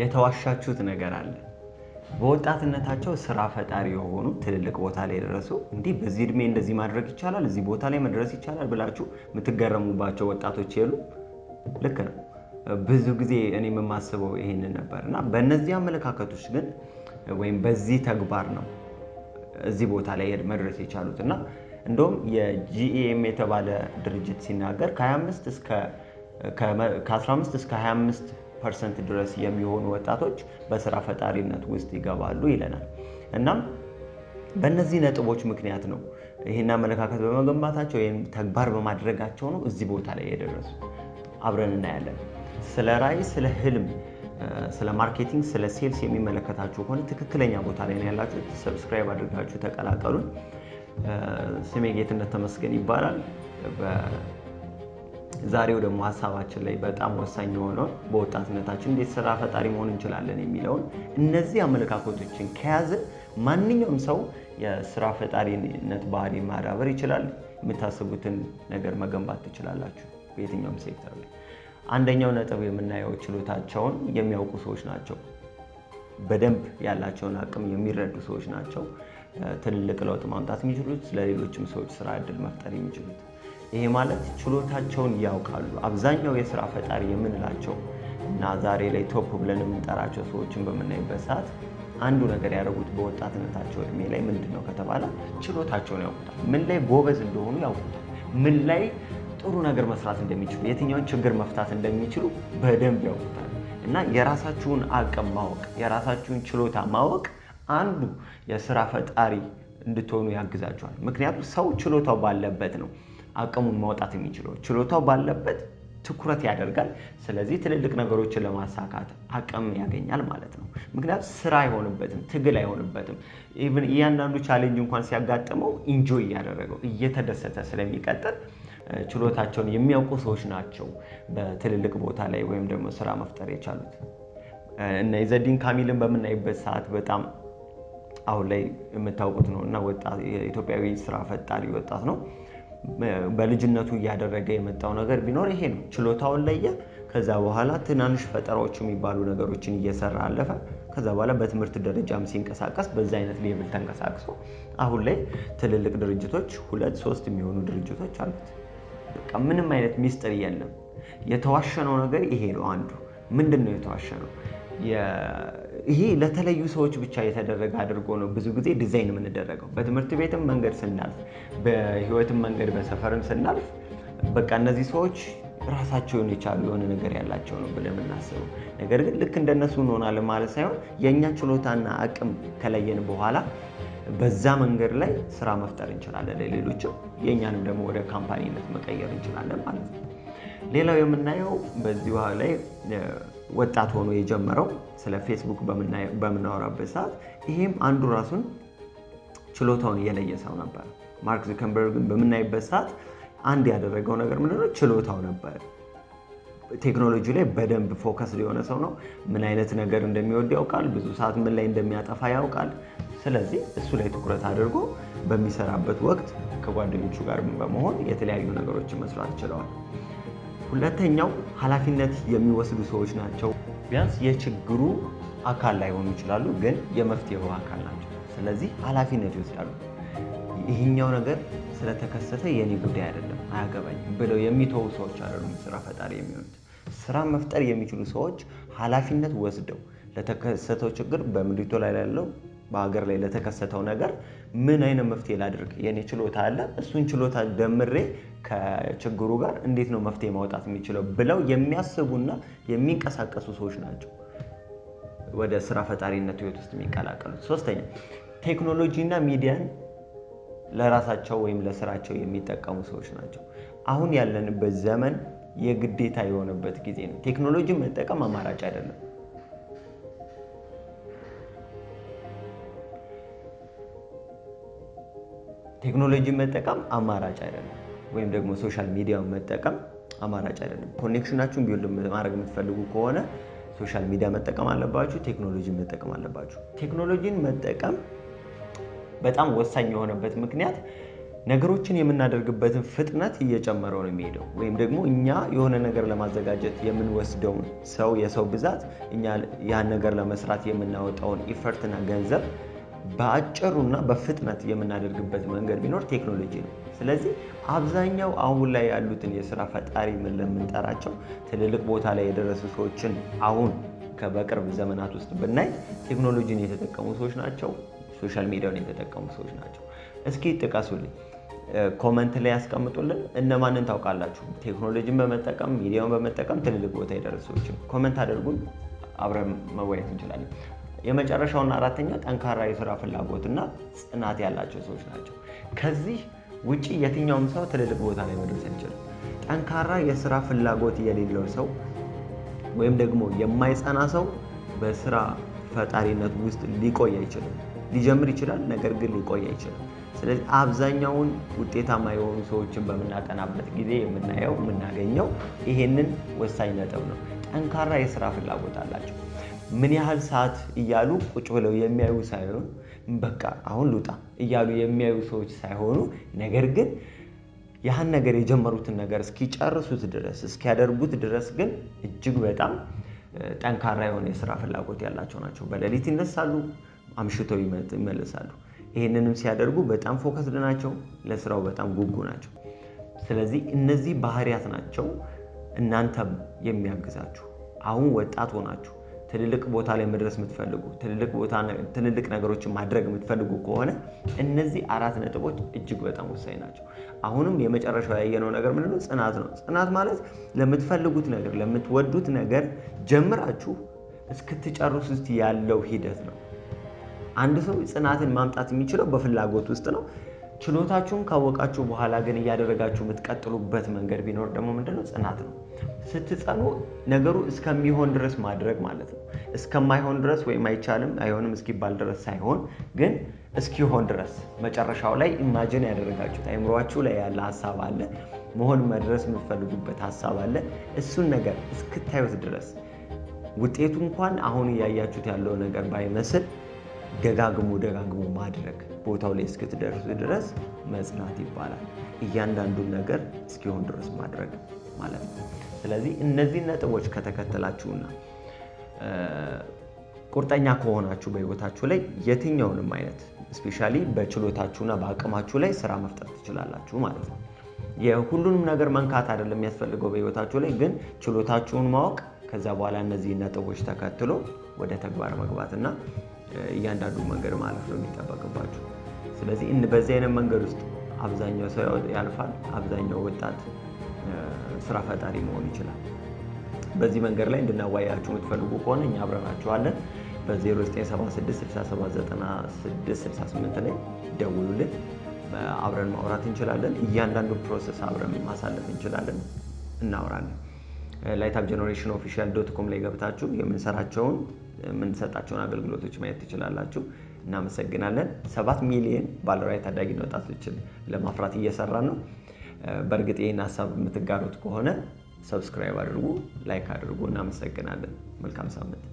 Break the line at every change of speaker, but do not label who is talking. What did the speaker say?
የተዋሻችሁት ነገር አለ። በወጣትነታቸው ስራ ፈጣሪ የሆኑ ትልልቅ ቦታ ላይ የደረሱ እንዲህ በዚህ እድሜ እንደዚህ ማድረግ ይቻላል፣ እዚህ ቦታ ላይ መድረስ ይቻላል ብላችሁ የምትገረሙባቸው ወጣቶች የሉ? ልክ ነው። ብዙ ጊዜ እኔ የምማስበው ይሄንን ነበር እና በእነዚህ አመለካከቶች ግን ወይም በዚህ ተግባር ነው እዚህ ቦታ ላይ መድረስ የቻሉት እና እንደውም የጂኢኤም የተባለ ድርጅት ሲናገር ከ15 እስከ 25 ፐርሰንት ድረስ የሚሆኑ ወጣቶች በስራ ፈጣሪነት ውስጥ ይገባሉ ይለናል። እናም በእነዚህ ነጥቦች ምክንያት ነው ይህን አመለካከት በመገንባታቸው ወይም ተግባር በማድረጋቸው ነው እዚህ ቦታ ላይ የደረሱ አብረን እናያለን። ስለ ራዕይ፣ ስለ ህልም፣ ስለ ማርኬቲንግ፣ ስለ ሴልስ የሚመለከታችሁ ከሆነ ትክክለኛ ቦታ ላይ ነው ያላችሁት። ሰብስክራይብ አድርጋችሁ ተቀላቀሉን። ስሜ ጌትነት ተመስገን ይባላል። ዛሬው ደግሞ ሀሳባችን ላይ በጣም ወሳኝ የሆነውን በወጣትነታችን እንዴት ስራ ፈጣሪ መሆን እንችላለን የሚለውን እነዚህ አመለካከቶችን ከያዘ ማንኛውም ሰው የስራ ፈጣሪነት ባህሪ ማዳበር ይችላል። የምታስቡትን ነገር መገንባት ትችላላችሁ በየትኛውም ሴክተር ላይ። አንደኛው ነጥብ የምናየው ችሎታቸውን የሚያውቁ ሰዎች ናቸው። በደንብ ያላቸውን አቅም የሚረዱ ሰዎች ናቸው ትልልቅ ለውጥ ማምጣት የሚችሉት፣ ለሌሎችም ሰዎች ስራ እድል መፍጠር የሚችሉት ይሄ ማለት ችሎታቸውን ያውቃሉ። አብዛኛው የስራ ፈጣሪ የምንላቸው እና ዛሬ ላይ ቶፕ ብለን የምንጠራቸው ሰዎችን በምናይበት ሰዓት አንዱ ነገር ያደረጉት በወጣትነታቸው እድሜ ላይ ምንድን ነው ከተባለ ችሎታቸውን ያውቁታል። ምን ላይ ጎበዝ እንደሆኑ ያውቁታል። ምን ላይ ጥሩ ነገር መስራት እንደሚችሉ፣ የትኛውን ችግር መፍታት እንደሚችሉ በደንብ ያውቁታል። እና የራሳችሁን አቅም ማወቅ የራሳችሁን ችሎታ ማወቅ አንዱ የስራ ፈጣሪ እንድትሆኑ ያግዛችኋል። ምክንያቱም ሰው ችሎታው ባለበት ነው አቅሙን ማውጣት የሚችለው ችሎታው ባለበት ትኩረት ያደርጋል። ስለዚህ ትልልቅ ነገሮችን ለማሳካት አቅም ያገኛል ማለት ነው። ምክንያቱም ስራ አይሆንበትም፣ ትግል አይሆንበትም። ኢቭን እያንዳንዱ ቻሌንጅ እንኳን ሲያጋጥመው ኢንጆይ እያደረገው እየተደሰተ ስለሚቀጥል ችሎታቸውን የሚያውቁ ሰዎች ናቸው በትልልቅ ቦታ ላይ ወይም ደግሞ ስራ መፍጠር የቻሉት። እና ኢዘዲን ካሚልን በምናይበት ሰዓት በጣም አሁን ላይ የምታውቁት ነው እና ኢትዮጵያዊ ስራ ፈጣሪ ወጣት ነው። በልጅነቱ እያደረገ የመጣው ነገር ቢኖር ይሄ ነው። ችሎታውን ለየ። ከዛ በኋላ ትናንሽ ፈጠራዎች የሚባሉ ነገሮችን እየሰራ አለፈ። ከዛ በኋላ በትምህርት ደረጃም ሲንቀሳቀስ በዛ አይነት ሌብል ተንቀሳቅሶ አሁን ላይ ትልልቅ ድርጅቶች ሁለት ሶስት የሚሆኑ ድርጅቶች አሉት። በቃ ምንም አይነት ሚስጥር የለም። የተዋሸነው ነገር ይሄ ነው። አንዱ ምንድን ነው የተዋሸነው? ይሄ ለተለዩ ሰዎች ብቻ የተደረገ አድርጎ ነው ብዙ ጊዜ ዲዛይን የምንደረገው። በትምህርት ቤትም መንገድ ስናልፍ፣ በህይወትም መንገድ፣ በሰፈርም ስናልፍ በቃ እነዚህ ሰዎች ራሳቸውን የቻሉ የሆነ ነገር ያላቸው ነው ብለን የምናስበው ነገር ግን ልክ እንደነሱ እንሆናለን ማለት ሳይሆን የእኛ ችሎታና አቅም ከለየን በኋላ በዛ መንገድ ላይ ስራ መፍጠር እንችላለን ለሌሎችም፣ የእኛንም ደግሞ ወደ ካምፓኒነት መቀየር እንችላለን ማለት ነው። ሌላው የምናየው በዚህ ላይ ወጣት ሆኖ የጀመረው ስለ ፌስቡክ በምናወራበት ሰዓት ይሄም አንዱ ራሱን ችሎታውን እየለየ ሰው ነበር። ማርክ ዙከንበርግን በምናይበት ሰዓት አንድ ያደረገው ነገር ምንድነው? ችሎታው ነበር። ቴክኖሎጂ ላይ በደንብ ፎከስ የሆነ ሰው ነው። ምን አይነት ነገር እንደሚወድ ያውቃል። ብዙ ሰዓት ምን ላይ እንደሚያጠፋ ያውቃል። ስለዚህ እሱ ላይ ትኩረት አድርጎ በሚሰራበት ወቅት ከጓደኞቹ ጋር በመሆን የተለያዩ ነገሮችን መስራት ችለዋል። ሁለተኛው ኃላፊነት የሚወስዱ ሰዎች ናቸው። ቢያንስ የችግሩ አካል ላይሆኑ ይችላሉ፣ ግን የመፍትሄው አካል ናቸው። ስለዚህ ኃላፊነት ይወስዳሉ። ይህኛው ነገር ስለተከሰተ የኔ ጉዳይ አይደለም አያገባኝም ብለው የሚተዉ ሰዎች አይደሉም ስራ ፈጣሪ የሚሆኑት። ስራ መፍጠር የሚችሉ ሰዎች ኃላፊነት ወስደው ለተከሰተው ችግር በምድሪቱ ላይ ላለው በሀገር ላይ ለተከሰተው ነገር ምን አይነት መፍትሄ ላድርግ? የኔ ችሎታ አለ፣ እሱን ችሎታ ደምሬ ከችግሩ ጋር እንዴት ነው መፍትሄ ማውጣት የሚችለው ብለው የሚያስቡና የሚንቀሳቀሱ ሰዎች ናቸው ወደ ስራ ፈጣሪነት ህይወት ውስጥ የሚቀላቀሉት። ሶስተኛ ቴክኖሎጂና ሚዲያን ለራሳቸው ወይም ለስራቸው የሚጠቀሙ ሰዎች ናቸው። አሁን ያለንበት ዘመን የግዴታ የሆነበት ጊዜ ነው። ቴክኖሎጂ መጠቀም አማራጭ አይደለም። ቴክኖሎጂ መጠቀም አማራጭ አይደለም፣ ወይም ደግሞ ሶሻል ሚዲያ መጠቀም አማራጭ አይደለም። ኮኔክሽናችሁን ቢውልድ ማድረግ የምትፈልጉ ከሆነ ሶሻል ሚዲያ መጠቀም አለባችሁ፣ ቴክኖሎጂ መጠቀም አለባችሁ። ቴክኖሎጂን መጠቀም በጣም ወሳኝ የሆነበት ምክንያት ነገሮችን የምናደርግበትን ፍጥነት እየጨመረው ነው የሚሄደው። ወይም ደግሞ እኛ የሆነ ነገር ለማዘጋጀት የምንወስደውን ሰው የሰው ብዛት እኛ ያን ነገር ለመስራት የምናወጣውን ኢፈርትና ገንዘብ በአጭሩና በፍጥነት የምናደርግበት መንገድ ቢኖር ቴክኖሎጂ ነው። ስለዚህ አብዛኛው አሁን ላይ ያሉትን የስራ ፈጣሪ ምን ለምንጠራቸው ትልልቅ ቦታ ላይ የደረሱ ሰዎችን አሁን በቅርብ ዘመናት ውስጥ ብናይ ቴክኖሎጂን የተጠቀሙ ሰዎች ናቸው። ሶሻል ሚዲያውን የተጠቀሙ ሰዎች ናቸው። እስኪ ጥቀሱልኝ፣ ኮመንት ላይ ያስቀምጡልን። እነማንን ታውቃላችሁ? ቴክኖሎጂን በመጠቀም ሚዲያውን በመጠቀም ትልልቅ ቦታ የደረሱ ሰዎችን ኮመንት አድርጉን። አብረን መወያየት እንችላለን። የመጨረሻውና አራተኛው ጠንካራ የስራ ፍላጎትና ጽናት ያላቸው ሰዎች ናቸው። ከዚህ ውጪ የትኛውም ሰው ትልልቅ ቦታ ላይ መድረስ አይችልም። ጠንካራ የስራ ፍላጎት የሌለው ሰው ወይም ደግሞ የማይጸና ሰው በስራ ፈጣሪነት ውስጥ ሊቆይ አይችልም። ሊጀምር ይችላል፣ ነገር ግን ሊቆይ አይችልም። ስለዚህ አብዛኛውን ውጤታማ የሆኑ ሰዎችን በምናጠናበት ጊዜ የምናየው የምናገኘው ይሄንን ወሳኝ ነጥብ ነው። ጠንካራ የስራ ፍላጎት አላቸው። ምን ያህል ሰዓት እያሉ ቁጭ ብለው የሚያዩ ሳይሆኑ በቃ አሁን ልውጣ እያሉ የሚያዩ ሰዎች ሳይሆኑ ነገር ግን ያህን ነገር የጀመሩትን ነገር እስኪጨርሱት ድረስ እስኪያደርጉት ድረስ ግን እጅግ በጣም ጠንካራ የሆነ የስራ ፍላጎት ያላቸው ናቸው። በሌሊት ይነሳሉ፣ አምሽተው ይመለሳሉ። ይህንንም ሲያደርጉ በጣም ፎከስድ ናቸው፣ ለስራው በጣም ጉጉ ናቸው። ስለዚህ እነዚህ ባህሪያት ናቸው እናንተም የሚያግዛችሁ አሁን ወጣት ሆናችሁ ትልልቅ ቦታ ላይ መድረስ የምትፈልጉ ትልልቅ ነገሮችን ማድረግ የምትፈልጉ ከሆነ እነዚህ አራት ነጥቦች እጅግ በጣም ወሳኝ ናቸው። አሁንም የመጨረሻው ያየነው ነገር ምንድነው? ጽናት ነው። ጽናት ማለት ለምትፈልጉት ነገር፣ ለምትወዱት ነገር ጀምራችሁ እስክትጨርሱ ውስጥ ያለው ሂደት ነው። አንድ ሰው ጽናትን ማምጣት የሚችለው በፍላጎት ውስጥ ነው። ችሎታችሁን ካወቃችሁ በኋላ ግን እያደረጋችሁ የምትቀጥሉበት መንገድ ቢኖር ደግሞ ምንድነው? ጽናት ነው። ስትጸኑ ነገሩ እስከሚሆን ድረስ ማድረግ ማለት ነው። እስከማይሆን ድረስ ወይም አይቻልም አይሆንም እስኪባል ድረስ ሳይሆን ግን እስኪሆን ድረስ መጨረሻው ላይ ኢማጅን ያደረጋችሁት አይምሯችሁ ላይ ያለ ሀሳብ አለ፣ መሆን መድረስ የምትፈልጉበት ሀሳብ አለ። እሱን ነገር እስክታዩት ድረስ ውጤቱ እንኳን አሁን እያያችሁት ያለው ነገር ባይመስል ደጋግሞ ደጋግሞ ማድረግ ቦታው ላይ እስክትደርሱ ድረስ መጽናት ይባላል። እያንዳንዱን ነገር እስኪሆን ድረስ ማድረግ ማለት ነው። ስለዚህ እነዚህን ነጥቦች ከተከተላችሁና ቁርጠኛ ከሆናችሁ በህይወታችሁ ላይ የትኛውንም አይነት ስፔሻሊ በችሎታችሁና በአቅማችሁ ላይ ስራ መፍጠር ትችላላችሁ ማለት ነው። የሁሉንም ነገር መንካት አይደለም የሚያስፈልገው በህይወታችሁ ላይ ግን ችሎታችሁን ማወቅ ከዛ በኋላ እነዚህ ነጥቦች ተከትሎ ወደ ተግባር መግባትና እያንዳንዱ መንገድ ማለፍ ነው የሚጠበቅባችሁ። ስለዚህ በዚህ አይነት መንገድ ውስጥ አብዛኛው ሰው ያልፋል። አብዛኛው ወጣት ስራ ፈጣሪ መሆን ይችላል። በዚህ መንገድ ላይ እንድናዋያችሁ የምትፈልጉ ከሆነ እኛ አብረናችኋለን። በ0976679668 ላይ ደውሉልን። አብረን ማውራት እንችላለን። እያንዳንዱ ፕሮሰስ አብረን ማሳለፍ እንችላለን። እናወራለን። ላይት አፕ ጀኔሬሽን ኦፊሻል ዶት ኮም ላይ ገብታችሁ የምንሰራቸውን የምንሰጣቸውን አገልግሎቶች ማየት ትችላላችሁ። እናመሰግናለን። ሰባት ሚሊዮን ባለራዕይ ታዳጊ ወጣቶችን ለማፍራት እየሰራን ነው። በእርግጥ ይህን ሀሳብ የምትጋሩት ከሆነ ሰብስክራይብ አድርጉ፣ ላይክ አድርጉ። እናመሰግናለን። መልካም ሳምንት።